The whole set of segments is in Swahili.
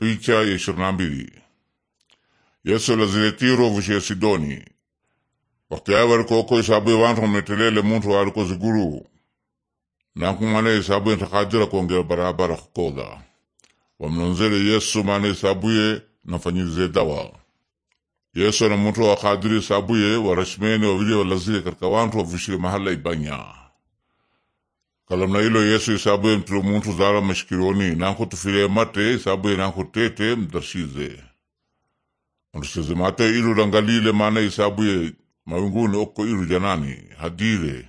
Picha ya ishirini na mbili Yesu lazile Tiro vushiya Sidoni wakati awo walikoko isabu wantu metelele muntu aliko ziguru nakumana isabu ntakadira kuongera barabara kukola wamnonzele Yesu mana isabuye nafanyize dawa Yesu na muntu wakadiri isabuye warashimene wawili walazile katika wantu wavushile mahala ibanya kalamna ilo yesu isabuye mtilo muntu zala mashikironi nanko tufile mate isabuye nanko tete mdarshize mdarshize mate ilu langalile mana isabuye mawinguni okko ilu janani hadire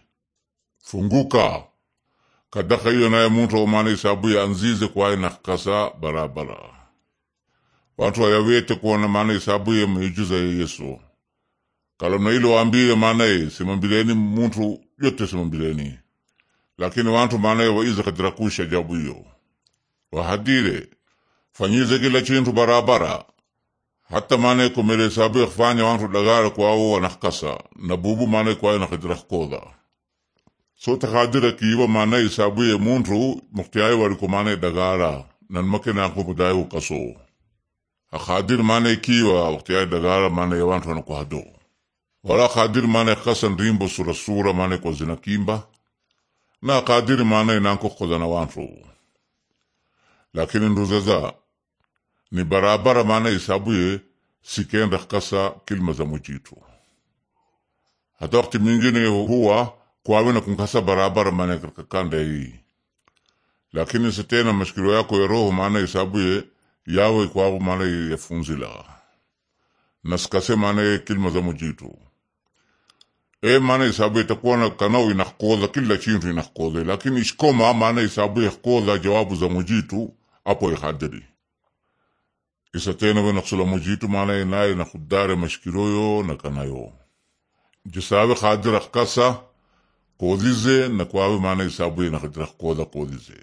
funguka kadaka iyo naye muntu maana isabuye anzize kwaye nakakasa barabara watu wayawete kuona maana isabuye miujiza ya yesu kalamna ilo mana maanaye simambileni muntu yote simambileni lakini wantu manayo waiza kadira kusha jabu hiyo wahadire fanyize kila chintu barabara hata manaye kumele sabu yakfanya wantu dagare kwawo wanakasa na bubu manaye na nakadira koda so takadira kiiwa manaye sabu ya muntu muktiyaye wariko manaye dagara na nanmake nakubudaye kaso akadir manaye kiiwa waktiyaye dagara manaye wantu wanakwado wala akadir manaye kasan rimbo surasura manaye kwa zinakimba na kadiri maana inanko kodana wantu lakini nduzaza ni barabara maana isabuye sikenda kasa kilma za mujitu hata wakati mingine huwa kwawina kunkasa barabara maana kakanda hii lakini sitena mashikiro yako ya roho maana isabuye yawe kwawo maana yafunzila sikase maana kilma za mujitu e maana isaabia itakuwa na kanao inakoza kila chintu inakoza lakini ishikoma maana isabu ikoza jawabu za mujitu apo ihadiri isatena wenaqsula mujitu maana inaye nakudare mashikiroyo na kanayo jisabe khadira kasa kodize kwawe maana isaabia nakadira koza kodize